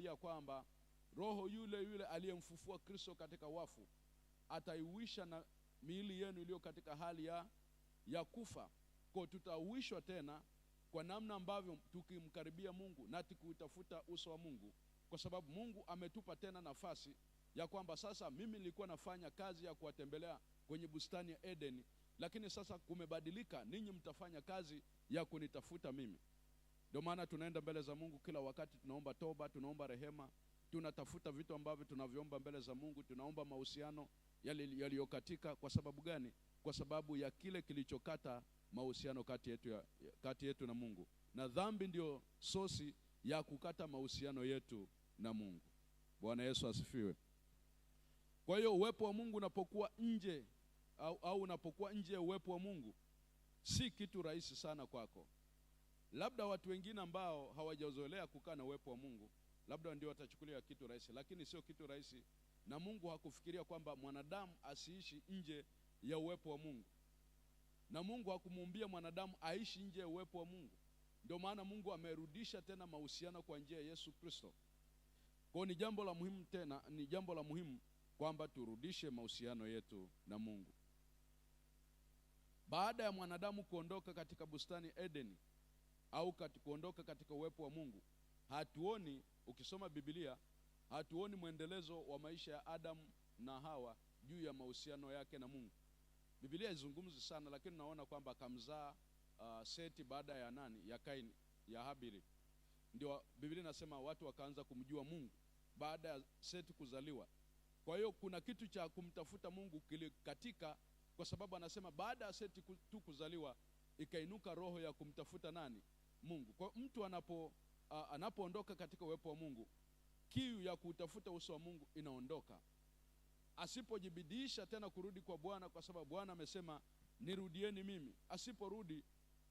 anatuambia kwamba roho yule yule aliyemfufua Kristo katika wafu ataiwisha na miili yenu iliyo katika hali ya, ya kufa, kwa tutawishwa tena kwa namna ambavyo tukimkaribia Mungu na tukiutafuta uso wa Mungu, kwa sababu Mungu ametupa tena nafasi ya kwamba sasa, mimi nilikuwa nafanya kazi ya kuwatembelea kwenye bustani ya Edeni, lakini sasa kumebadilika, ninyi mtafanya kazi ya kunitafuta mimi. Ndio maana tunaenda mbele za Mungu kila wakati, tunaomba toba, tunaomba rehema, tunatafuta vitu ambavyo tunaviomba mbele za Mungu, tunaomba mahusiano yaliyokatika. Kwa sababu gani? Kwa sababu ya kile kilichokata mahusiano kati yetu, ya, kati yetu na Mungu, na dhambi ndio sosi ya kukata mahusiano yetu na Mungu. Bwana Yesu asifiwe. Kwa hiyo uwepo wa Mungu unapokuwa nje au, au unapokuwa nje ya uwepo wa Mungu si kitu rahisi sana kwako. Labda watu wengine ambao hawajazoelea kukaa na uwepo wa Mungu labda ndio watachukulia kitu rahisi, lakini sio kitu rahisi, na Mungu hakufikiria kwamba mwanadamu asiishi nje ya uwepo wa Mungu, na Mungu hakumuumbia mwanadamu aishi nje ya uwepo wa Mungu. Ndio maana Mungu amerudisha tena mahusiano kwa njia ya Yesu Kristo. Kwa ni jambo la muhimu tena, ni jambo la muhimu kwamba turudishe mahusiano yetu na Mungu. Baada ya mwanadamu kuondoka katika bustani Edeni, au kuondoka katika uwepo wa Mungu, hatuoni ukisoma Biblia, hatuoni mwendelezo wa maisha ya Adamu na Hawa juu ya mahusiano yake na Mungu. Biblia haizungumzi sana, lakini naona kwamba akamzaa uh, Seti baada ya nani, ya Kaini, ya Habili. Ndio Biblia inasema watu wakaanza kumjua Mungu baada ya Seti kuzaliwa. Kwa hiyo kuna kitu cha kumtafuta Mungu kilikatika, kwa sababu anasema baada ya Seti tu kuzaliwa ikainuka roho ya kumtafuta nani? Mungu. Kwa mtu anapo anapoondoka katika uwepo wa Mungu, kiu ya kuutafuta uso wa Mungu inaondoka, asipojibidiisha tena kurudi kwa Bwana, kwa sababu Bwana amesema nirudieni mimi. Asiporudi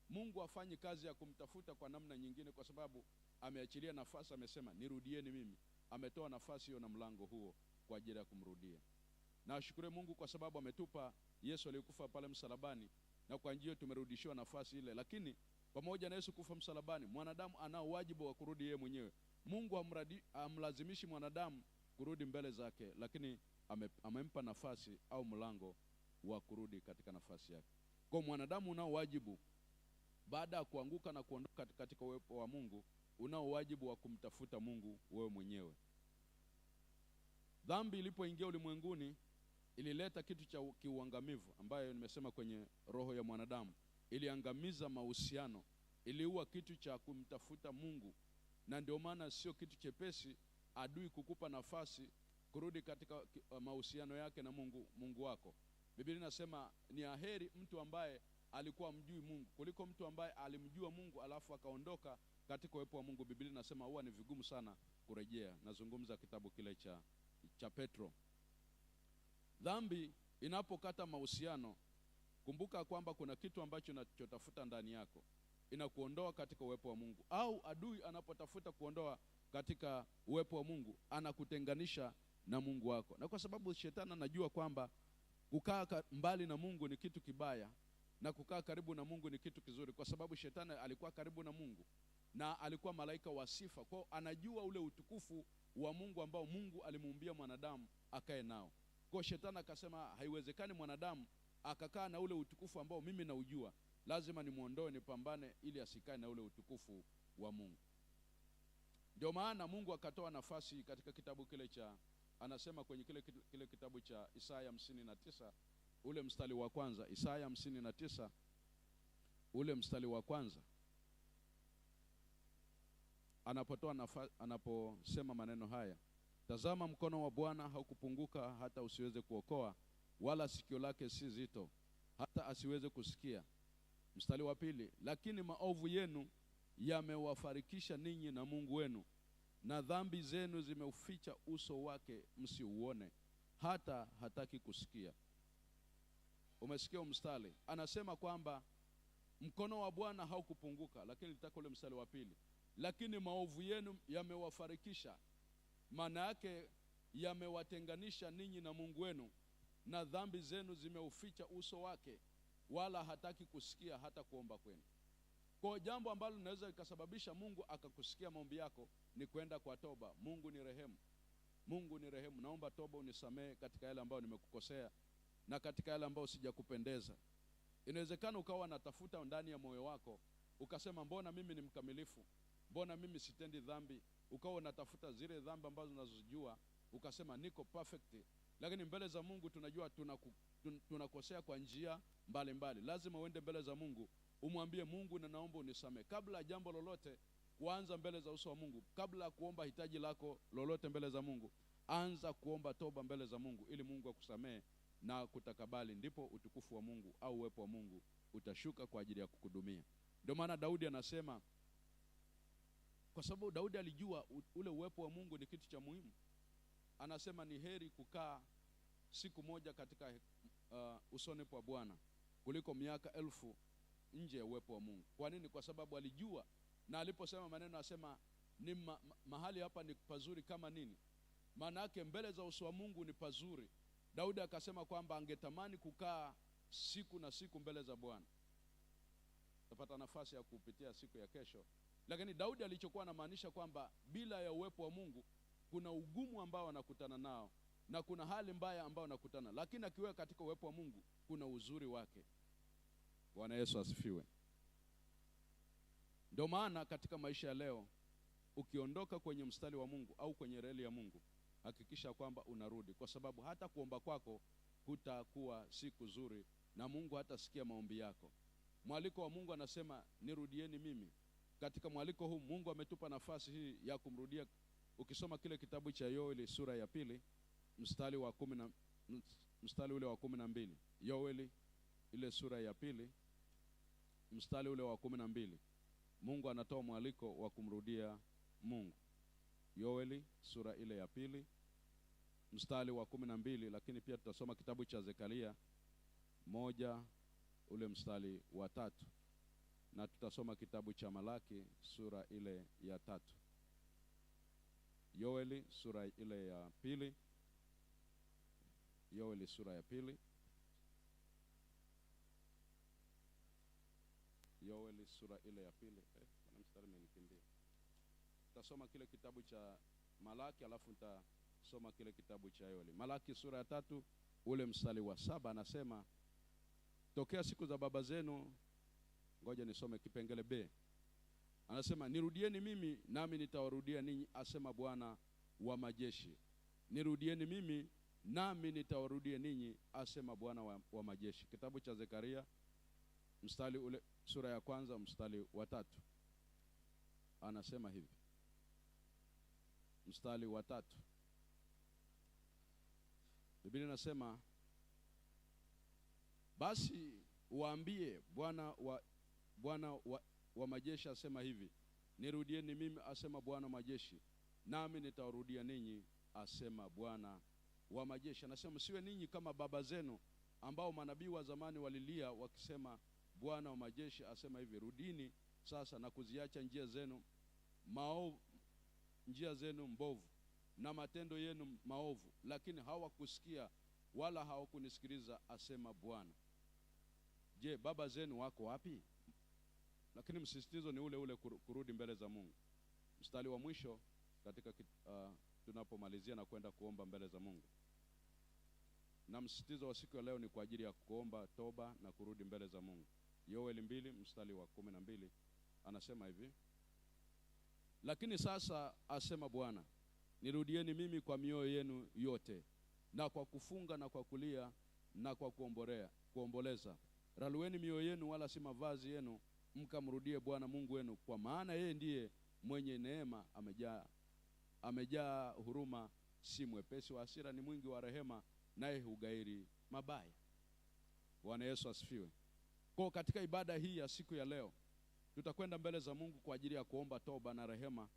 Mungu afanyi kazi ya kumtafuta kwa namna nyingine, kwa sababu ameachilia nafasi, amesema nirudieni mimi. Ametoa nafasi hiyo na mlango huo kwa ajili ya kumrudia. Na Mungu kwa sababu ametupa Yesu aliyekufa pale msalabani, na kwa njia tumerudishiwa nafasi ile, lakini pamoja na Yesu kufa msalabani, mwanadamu anao wajibu wa kurudi yeye mwenyewe. Mungu amradi, hamlazimishi mwanadamu kurudi mbele zake, lakini ame, amempa nafasi au mlango wa kurudi katika nafasi yake. Kwa mwanadamu unao wajibu baada ya kuanguka na kuondoka katika uwepo wa Mungu, unao wajibu wa kumtafuta Mungu wewe mwenyewe. Dhambi ilipoingia ulimwenguni ilileta kitu cha kiuangamivu ambayo nimesema kwenye roho ya mwanadamu iliangamiza mahusiano, iliua kitu cha kumtafuta Mungu, na ndio maana sio kitu chepesi adui kukupa nafasi kurudi katika uh, mahusiano yake na Mungu, Mungu wako. Biblia inasema ni aheri mtu ambaye alikuwa mjui Mungu kuliko mtu ambaye alimjua Mungu alafu akaondoka katika uwepo wa Mungu. Biblia inasema huwa ni vigumu sana kurejea. Nazungumza kitabu kile cha, cha Petro. Dhambi inapokata mahusiano Kumbuka kwamba kuna kitu ambacho inachotafuta ndani yako inakuondoa katika uwepo wa Mungu, au adui anapotafuta kuondoa katika uwepo wa Mungu anakutenganisha na Mungu wako. Na kwa sababu shetani anajua kwamba kukaa mbali na Mungu ni kitu kibaya na kukaa karibu na Mungu ni kitu kizuri, kwa sababu shetani alikuwa karibu na Mungu na alikuwa malaika wa sifa, kwao anajua ule utukufu wa Mungu ambao Mungu alimuumbia mwanadamu akae nao. Kwa shetani akasema, haiwezekani mwanadamu akakaa na ule utukufu ambao mimi naujua, lazima nimwondoe, nipambane ili asikae na ule utukufu wa Mungu. Ndio maana Mungu akatoa nafasi katika kitabu kile cha anasema kwenye kile, kile kitabu cha Isaya hamsini na tisa ule mstari wa kwanza Isaya hamsini na tisa ule mstari wa kwanza anapotoa nafasi, anaposema maneno haya, tazama mkono wa Bwana haukupunguka hata usiweze kuokoa wala sikio lake si zito hata asiweze kusikia. Mstari wa pili, lakini maovu yenu yamewafarikisha ninyi na Mungu wenu, na dhambi zenu zimeuficha uso wake msiuone, hata hataki kusikia. Umesikia mstari anasema kwamba mkono wa Bwana haukupunguka, lakini nitaka ule mstari wa pili, lakini maovu yenu yamewafarikisha, maana yake yamewatenganisha ninyi na Mungu wenu na dhambi zenu zimeuficha uso wake, wala hataki kusikia hata kuomba kwenu. Kwa jambo ambalo linaweza likasababisha Mungu akakusikia maombi yako ni kwenda kwa toba. Mungu ni rehemu, Mungu ni rehemu. Naomba toba, unisamehe katika yale ambayo nimekukosea na katika yale ambayo sijakupendeza. Inawezekana ukawa natafuta ndani ya moyo wako ukasema, mbona mimi ni mkamilifu, mbona mimi sitendi dhambi. Ukawa unatafuta zile dhambi ambazo unazojua ukasema, niko perfect, lakini mbele za Mungu tunajua tunakosea tuna tunakosea kwa njia mbalimbali. Lazima uende mbele za Mungu umwambie Mungu, na naomba unisamee. Kabla ya jambo lolote kuanza mbele za uso wa Mungu, kabla ya kuomba hitaji lako lolote mbele za Mungu, anza kuomba toba mbele za Mungu ili Mungu akusamee na kutakabali, ndipo utukufu wa Mungu au uwepo wa Mungu utashuka kwa ajili ya kukudumia. Ndio maana Daudi anasema, kwa sababu Daudi alijua ule uwepo wa Mungu ni kitu cha muhimu anasema ni heri kukaa siku moja katika uh, usoni kwa Bwana kuliko miaka elfu nje ya uwepo wa Mungu. Kwa nini? Kwa sababu alijua, na aliposema maneno asema ni ma, mahali hapa ni pazuri kama nini, maana yake mbele za uso wa Mungu ni pazuri. Daudi akasema kwamba angetamani kukaa siku na siku mbele za Bwana. Tapata nafasi ya kupitia siku ya kesho, lakini Daudi alichokuwa anamaanisha kwamba bila ya uwepo wa Mungu kuna ugumu ambao anakutana nao na kuna hali mbaya ambayo anakutana, lakini akiweka katika uwepo wa Mungu kuna uzuri wake. Bwana Yesu asifiwe. Ndio maana katika maisha ya leo ukiondoka kwenye mstari wa Mungu au kwenye reli ya Mungu, hakikisha kwamba unarudi, kwa sababu hata kuomba kwako kutakuwa siku zuri na Mungu hatasikia maombi yako. Mwaliko wa Mungu anasema nirudieni mimi. Katika mwaliko huu Mungu ametupa nafasi hii ya kumrudia ukisoma kile kitabu cha Yoeli sura ya pili mstari wa kumi na mstari ule wa kumi na mbili Yoeli ile sura ya pili mstari ule wa kumi na mbili Mungu anatoa mwaliko wa kumrudia Mungu. Yoeli sura ile ya pili mstari wa kumi na mbili lakini pia tutasoma kitabu cha Zekaria moja ule mstari wa tatu na tutasoma kitabu cha Malaki sura ile ya tatu. Yoeli sura ile ya pili, Yoeli sura ya pili, Yoeli sura ile ya pili. Eh, na Tasoma kile kitabu cha Malaki alafu nitasoma kile kitabu cha Yoeli. Malaki sura ya tatu ule msali wa saba anasema tokea siku za baba zenu, ngoja nisome kipengele B Anasema, nirudieni mimi nami nitawarudia ninyi, asema Bwana wa majeshi. Nirudieni mimi nami nitawarudia ninyi, asema Bwana wa, wa majeshi. Kitabu cha Zekaria mstari ule, sura ya kwanza mstari wa tatu anasema hivi, mstari wa tatu Biblia inasema basi waambie Bwana wa Bwana wa wa majeshi asema hivi, nirudieni mimi, asema Bwana wa majeshi, nami nitawarudia ninyi, asema Bwana wa majeshi. Anasema msiwe ninyi kama baba zenu ambao manabii wa zamani walilia wakisema, Bwana wa majeshi asema hivi, rudini sasa na kuziacha njia zenu maovu, njia zenu mbovu na matendo yenu maovu, lakini hawakusikia wala hawakunisikiliza, asema Bwana. Je, baba zenu wako wapi? lakini msisitizo ni ule ule, kurudi mbele za Mungu. Mstari wa mwisho katika uh, tunapomalizia na kwenda kuomba mbele za Mungu, na msisitizo wa siku ya leo ni kwa ajili ya kuomba toba na kurudi mbele za Mungu. Yoeli mbili mstari wa kumi na mbili anasema hivi, lakini sasa asema Bwana, nirudieni mimi kwa mioyo yenu yote na kwa kufunga na kwa kulia na kwa kuombolea kuomboleza, ralueni mioyo yenu, wala si mavazi yenu mkamrudie Bwana Mungu wenu, kwa maana yeye ndiye mwenye neema, amejaa amejaa huruma, si mwepesi wa hasira, ni mwingi wa rehema, naye hugairi mabaya. Bwana Yesu asifiwe. Kwa katika ibada hii ya siku ya leo tutakwenda mbele za Mungu kwa ajili ya kuomba toba na rehema.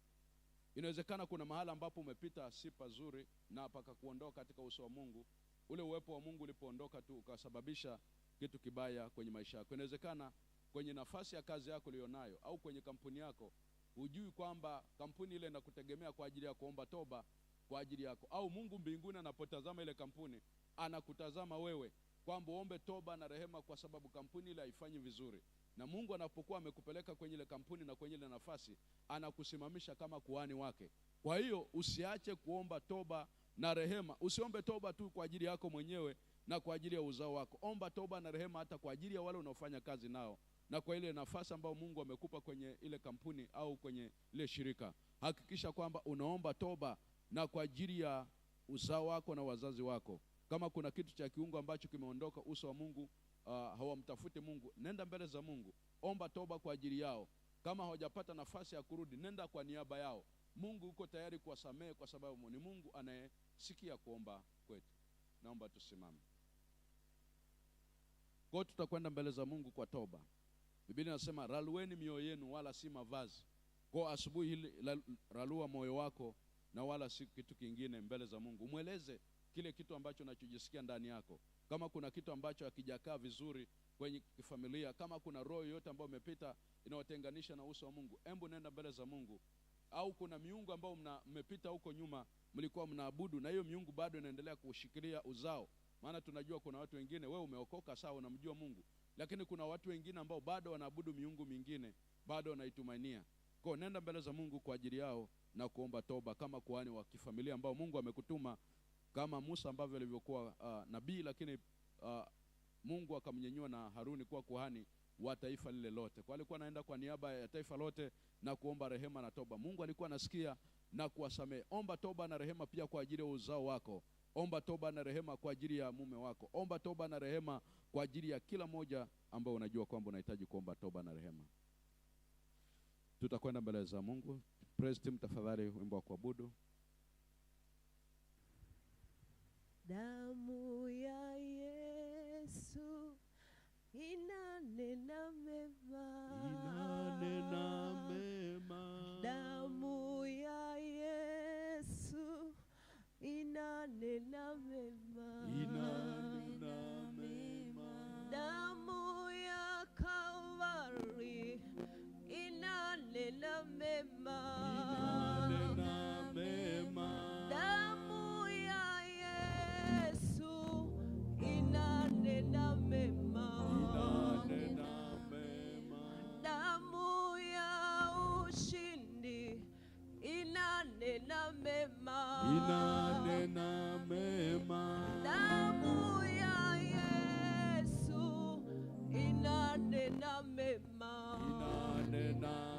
Inawezekana kuna mahala ambapo umepita si pazuri na kuondoka katika uso wa Mungu, ule uwepo wa Mungu ulipoondoka tu ukasababisha kitu kibaya kwenye maisha yako. Inawezekana kwenye nafasi ya kazi yako ulionayo au kwenye kampuni yako, hujui kwamba kampuni ile inakutegemea kwa ajili ya kuomba toba kwa ajili yako, au Mungu mbinguni anapotazama ile kampuni anakutazama wewe kwamba uombe toba na rehema, kwa sababu kampuni ile haifanyi vizuri. Na Mungu anapokuwa amekupeleka kwenye ile kampuni na kwenye ile nafasi, anakusimamisha kama kuani wake. Kwa hiyo usiache kuomba toba na rehema. Usiombe toba tu kwa ajili yako mwenyewe na kwa ajili ya uzao wako. Omba toba na rehema hata kwa ajili ya wale unaofanya kazi nao na kwa ile nafasi ambayo Mungu amekupa kwenye ile kampuni au kwenye ile shirika, hakikisha kwamba unaomba toba na kwa ajili ya uzao wako na wazazi wako. Kama kuna kitu cha kiungo ambacho kimeondoka uso wa Mungu, uh, hawamtafuti Mungu, nenda mbele za Mungu, omba toba kwa ajili yao. Kama hawajapata nafasi ya kurudi, nenda kwa niaba yao. Mungu uko tayari kuwasamehe kwa sababu ni Mungu anayesikia kuomba kwetu. Naomba tusimame. Kwa tutakwenda mbele za Mungu kwa toba. Biblia inasema ralueni mioyo yenu wala si mavazi. Kwa asubuhi hili ralua moyo wako na wala si kitu kingine mbele za Mungu. Mweleze kile kitu ambacho unachojisikia ndani yako. Kama kuna kitu ambacho hakijakaa vizuri kwenye kifamilia kama kuna roho yoyote ambayo imepita inayotenganisha na uso wa Mungu, embu nenda mbele za Mungu. Au kuna miungu ambayo mmepita huko nyuma mlikuwa mnaabudu na hiyo miungu bado inaendelea kushikilia uzao, maana tunajua kuna watu wengine, wewe umeokoka sawa, unamjua Mungu, lakini kuna watu wengine ambao bado wanaabudu miungu mingine, bado wanaitumainia. Kwa nenda mbele za Mungu kwa ajili yao na kuomba toba kama kuani wa kifamilia ambao Mungu amekutuma kama Musa ambavyo alivyokuwa uh, nabii, lakini uh, Mungu akamnyenyua na Haruni kuwa kuhani wa taifa lile lote. Kwa alikuwa anaenda kwa niaba ya taifa lote na kuomba rehema na toba. Mungu alikuwa anasikia na kuwasamehe. Omba toba na rehema pia kwa ajili ya uzao wako. Omba toba na rehema kwa ajili ya mume wako. Omba toba na rehema kwa ajili ya kila moja ambao unajua kwamba unahitaji kuomba toba na rehema. Tutakwenda mbele za Mungu. Praise team, tafadhali wimbo wa kuabudu. Damu ya Yesu inanena mema night.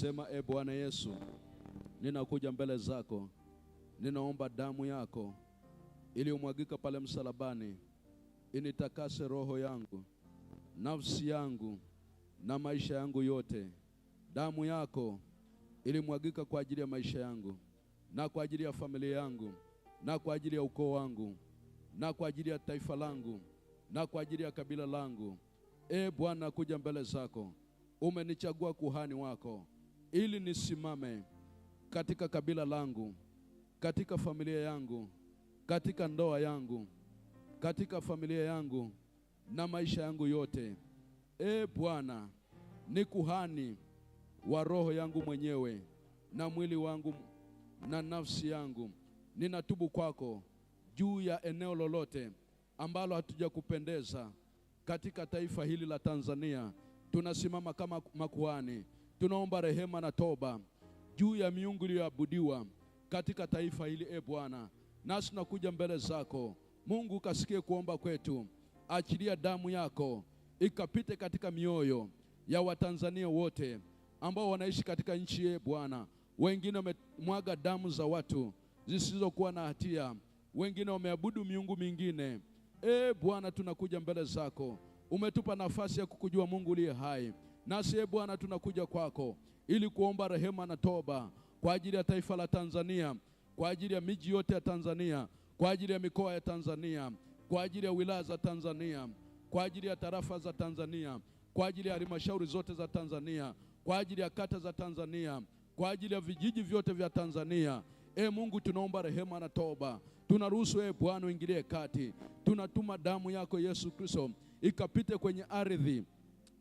Sema, e Bwana Yesu, ninakuja mbele zako, ninaomba damu yako iliyomwagika pale msalabani initakase roho yangu, nafsi yangu na maisha yangu yote. Damu yako ilimwagika kwa ajili ya maisha yangu na kwa ajili ya familia yangu na kwa ajili ya ukoo wangu na kwa ajili ya taifa langu na kwa ajili ya kabila langu. E Bwana, nakuja mbele zako, umenichagua kuhani wako ili nisimame katika kabila langu, katika familia yangu, katika ndoa yangu, katika familia yangu na maisha yangu yote. E Bwana, ni kuhani wa roho yangu mwenyewe na mwili wangu na nafsi yangu, ninatubu kwako juu ya eneo lolote ambalo hatujakupendeza katika taifa hili la Tanzania. Tunasimama kama makuhani Tunaomba rehema na toba juu ya miungu iliyoabudiwa katika taifa hili, e Bwana, nasi tunakuja mbele zako Mungu, ukasikie kuomba kwetu, achilia damu yako ikapite katika mioyo ya Watanzania wote ambao wanaishi katika nchi e Bwana. Wengine wamemwaga damu za watu zisizokuwa na hatia, wengine wameabudu miungu mingine. E Bwana, tunakuja mbele zako, umetupa nafasi ya kukujua Mungu uliye hai. Nasi e Bwana, tunakuja kwako ili kuomba rehema na toba kwa ajili ya taifa la Tanzania, kwa ajili ya miji yote ya Tanzania, kwa ajili ya mikoa ya Tanzania, kwa ajili ya wilaya za Tanzania, kwa ajili ya tarafa za Tanzania, kwa ajili ya halmashauri zote za Tanzania, kwa ajili ya kata za Tanzania, kwa ajili ya vijiji vyote vya Tanzania. E Mungu, tunaomba rehema na toba. Tunaruhusu e Bwana uingilie kati. Tunatuma damu yako Yesu Kristo ikapite kwenye ardhi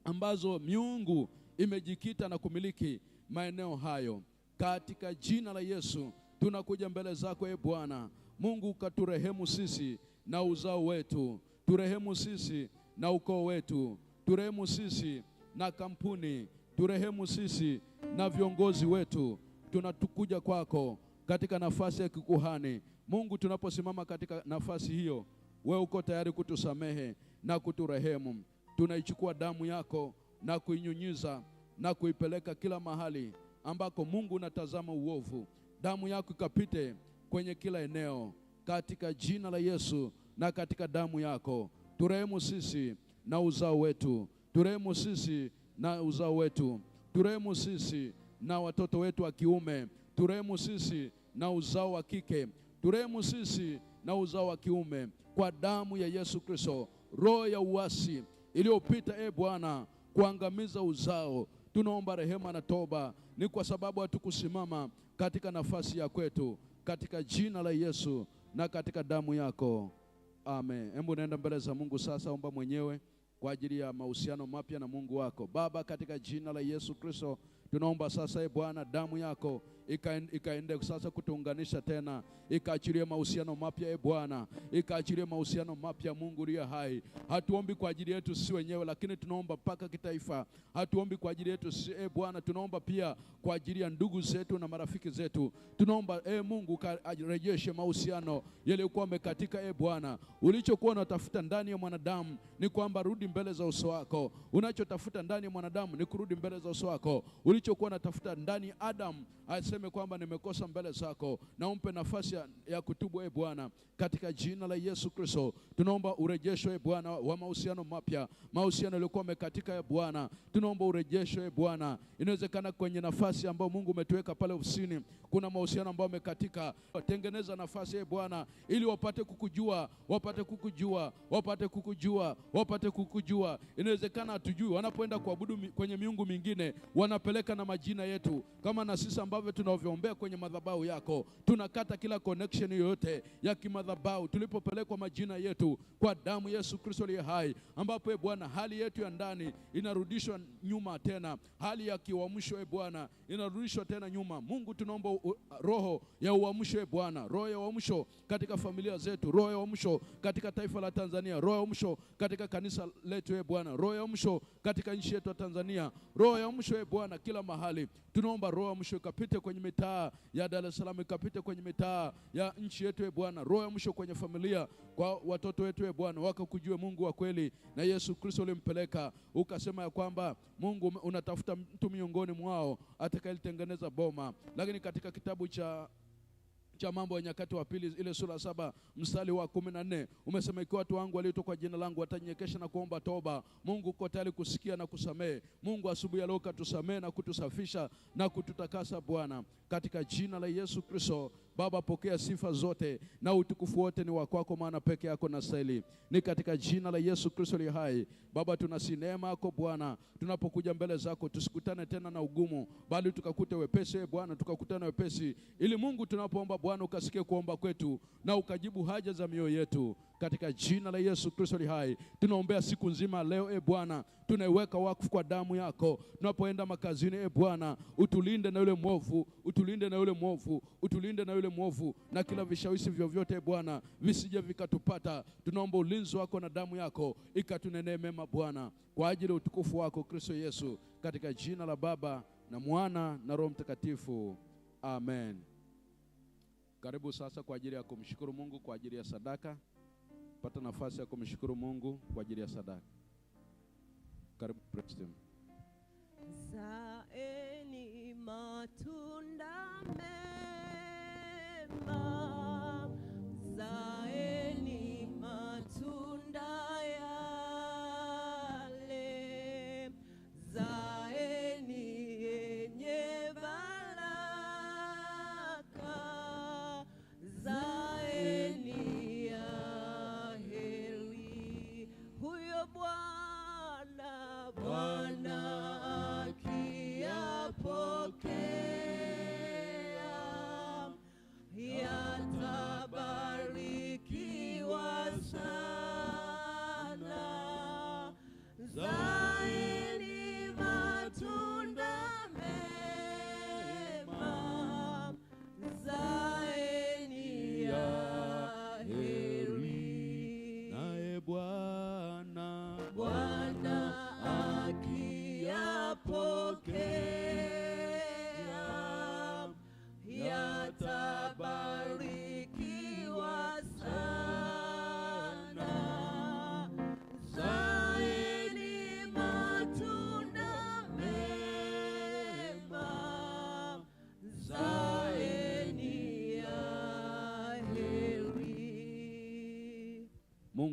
ambazo miungu imejikita na kumiliki maeneo hayo. Katika jina la Yesu tunakuja mbele zako, e Bwana Mungu, katurehemu sisi na uzao wetu, turehemu sisi na ukoo wetu, turehemu sisi na kampuni, turehemu sisi na viongozi wetu. Tunatukuja kwako katika nafasi ya kikuhani Mungu, tunaposimama katika nafasi hiyo, wewe uko tayari kutusamehe na kuturehemu tunaichukua damu yako na kuinyunyiza na kuipeleka kila mahali ambako Mungu unatazama uovu, damu yako ikapite kwenye kila eneo, katika jina la Yesu na katika damu yako. Turehemu sisi na uzao wetu, turehemu sisi na uzao wetu, turehemu sisi na watoto wetu wa kiume, turehemu sisi na uzao wa kike, turehemu sisi na uzao wa kiume, kwa damu ya Yesu Kristo. Roho ya uasi iliyopita, e Bwana, kuangamiza uzao. Tunaomba rehema na toba, ni kwa sababu hatukusimama katika nafasi ya kwetu, katika jina la Yesu na katika damu yako, amen. Hebu naenda mbele za Mungu sasa, omba mwenyewe kwa ajili ya mahusiano mapya na Mungu wako. Baba, katika jina la Yesu Kristo tunaomba sasa, e Bwana, damu yako ikaende sasa kutuunganisha tena, ikaachilie mahusiano mapya e Bwana, ikaachilie mahusiano mapya Mungu uliye hai. Hatuombi kwa ajili yetu si wenyewe, lakini tunaomba mpaka kitaifa. Hatuombi kwa ajili yetu si e Bwana, tunaomba pia kwa ajili ya ndugu zetu na marafiki zetu. Tunaomba e Mungu karejeshe mahusiano yaliyokuwa amekatika. E Bwana, ulichokuwa unatafuta ndani ya mwanadamu ni kwamba rudi mbele za uso wako. Unachotafuta ndani ya mwanadamu ni kurudi mbele za uso wako. Ulichokuwa natafuta ndani Adam aseme kwamba nimekosa mbele zako, na umpe nafasi ya, ya kutubu. E Bwana, katika jina la Yesu Kristo tunaomba urejesho e Bwana wa mahusiano mapya, mahusiano yaliyokuwa amekatika. E Bwana, tunaomba urejesho e Bwana. Inawezekana kwenye nafasi ambayo Mungu umetuweka pale ofisini, kuna mahusiano ambayo amekatika. Tengeneza nafasi e Bwana ili wapate kukujua, wapate kukujua, wapate kukujua, wapate kukujua kujua, inawezekana hatujui. Wanapoenda kuabudu kwenye miungu mingine, wanapeleka na majina yetu, kama na sisi ambavyo tunavyoombea kwenye madhabahu yako. Tunakata kila connection yoyote ya kimadhabahu tulipopelekwa majina yetu kwa damu Yesu Kristo aliye hai, ambapo e Bwana, hali yetu ya ndani inarudishwa nyuma tena, hali ya kiuamsho e Bwana inarudishwa tena nyuma. Mungu, tunaomba roho ya uamsho e Bwana, roho ya uamsho katika familia zetu, roho ya uamsho katika taifa la Tanzania, roho ya uamsho katika kanisa letu, e Bwana, roho ya msho katika nchi yetu ya Tanzania, roho ya msho e ee Bwana kila mahali. Tunaomba roho ya msho ikapite kwenye mitaa ya Dar es Salaam, ikapite kwenye mitaa ya nchi yetu e Bwana, roho ya msho kwenye familia, kwa watoto wetu e Bwana, wakakujue Mungu wa kweli na Yesu Kristo ulimpeleka, ukasema ya kwamba Mungu unatafuta mtu miongoni mwao atakayelitengeneza boma, lakini katika kitabu cha cha Mambo ya Nyakati wa Pili ile sura saba mstari wa kumi na nne umesema, ikiwa watu wangu walioitwa kwa jina langu watanyekesha na kuomba toba, Mungu uko tayari kusikia na kusamehe. Mungu asubuhi ya leo katusamehe na kutusafisha na kututakasa Bwana, katika jina la Yesu Kristo. Baba, pokea sifa zote na utukufu wote ni wakwako kwako, maana peke yako na stahili. Ni katika jina la Yesu Kristo aliye hai. Baba, tuna sinema yako Bwana, tunapokuja mbele zako tusikutane tena na ugumu, bali tukakute wepesi ee Bwana, tukakutana wepesi, ili Mungu tunapoomba Bwana ukasikie kuomba kwetu na ukajibu haja za mioyo yetu katika jina la Yesu Kristo li hai. Tunaombea siku nzima leo, e Bwana, tunaiweka wakfu kwa damu yako. Tunapoenda makazini, e Bwana, utulinde na yule mwovu, utulinde na yule mwovu, utulinde na yule mwovu, na kila vishawishi vyovyote, e Bwana, visije vikatupata. Tunaomba ulinzi wako na damu yako ikatunenee mema, Bwana, kwa ajili ya utukufu wako, Kristo Yesu, katika jina la Baba na Mwana na Roho Mtakatifu, amen. Karibu sasa kwa ajili ya kumshukuru Mungu kwa ajili ya sadaka pata nafasi ya kumshukuru Mungu kwa ajili ya sadaka. Karibu praise Zaeni matu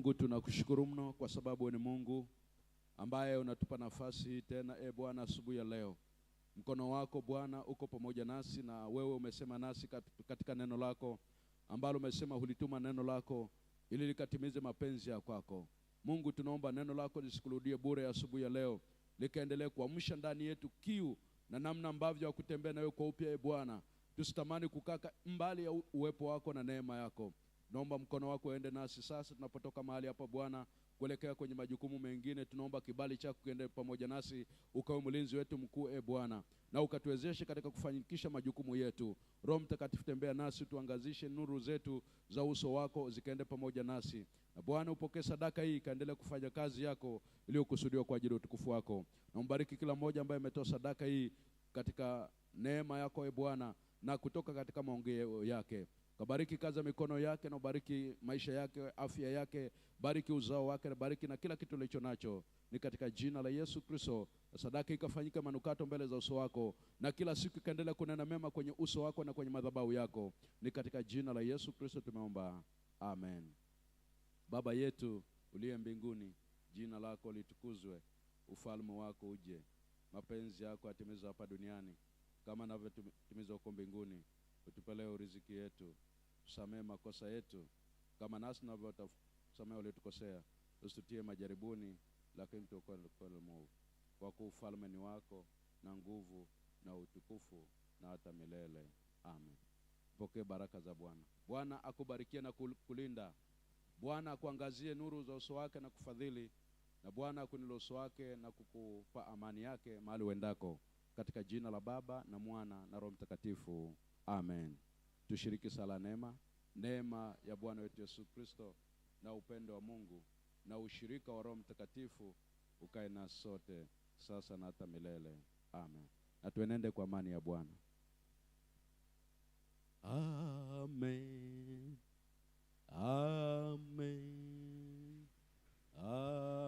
Mungu tunakushukuru mno kwa sababu ni Mungu ambaye unatupa nafasi tena, e Bwana, asubuhi ya leo. Mkono wako Bwana uko pamoja nasi, na wewe umesema nasi katika neno lako ambalo umesema hulituma neno lako ili likatimize mapenzi ya kwako. Mungu, tunaomba neno lako lisikurudie bure asubuhi ya leo, likaendelee kuamsha ndani yetu kiu na namna ambavyo ya kutembea kwa upya. E Bwana, tusitamani kukaa mbali ya uwepo wako na neema yako naomba mkono wako uende nasi sasa tunapotoka mahali hapa Bwana kuelekea kwenye majukumu mengine. Tunaomba kibali chako kiende pamoja nasi, ukawe mlinzi wetu mkuu, e Bwana, na ukatuwezeshe katika kufanikisha majukumu yetu. Roho Mtakatifu, tembea nasi, tuangazishe nuru zetu za uso wako zikaende pamoja nasi, na Bwana upokee sadaka hii, ikaendelea kufanya kazi yako iliyokusudiwa kwa ajili ya utukufu wako, na umbariki kila mmoja ambaye ametoa sadaka hii katika neema yako e Bwana, na kutoka katika maongeo yake Kabariki kazi ya mikono yake na ubariki maisha yake, afya yake, bariki uzao wake na bariki na kila kitu alicho nacho. Ni katika jina la Yesu Kristo. Sadaka ikafanyika manukato mbele za uso wako, na kila siku ikaendelea kunena mema kwenye uso wako na kwenye madhabahu yako. Ni katika jina la Yesu Kristo tumeomba, amen. Baba yetu uliye mbinguni, jina lako litukuzwe, ufalme wako uje, mapenzi yako yatimizwe hapa duniani kama navyotimiza huko mbinguni utupe leo riziki yetu, tusamee makosa yetu kama nasi tunavyowasamehe waliotukosea, usitutie majaribuni, lakini tuokoe na kwa kuwa ufalme ni wako na nguvu na utukufu na hata milele. Amen. Pokee baraka za Bwana. Bwana akubarikie na kulinda. Bwana akuangazie nuru za uso wake na kufadhili, na Bwana akuinulie uso wake na kukupa amani yake mahali uendako, katika jina la Baba na Mwana na Roho Mtakatifu. Amen. Tushiriki sala neema. Neema ya Bwana wetu Yesu Kristo na upendo wa Mungu na ushirika wa Roho Mtakatifu ukae na sote sasa na hata milele. Amen. Na tuenende kwa amani ya Bwana. Amen. Amen. Amen.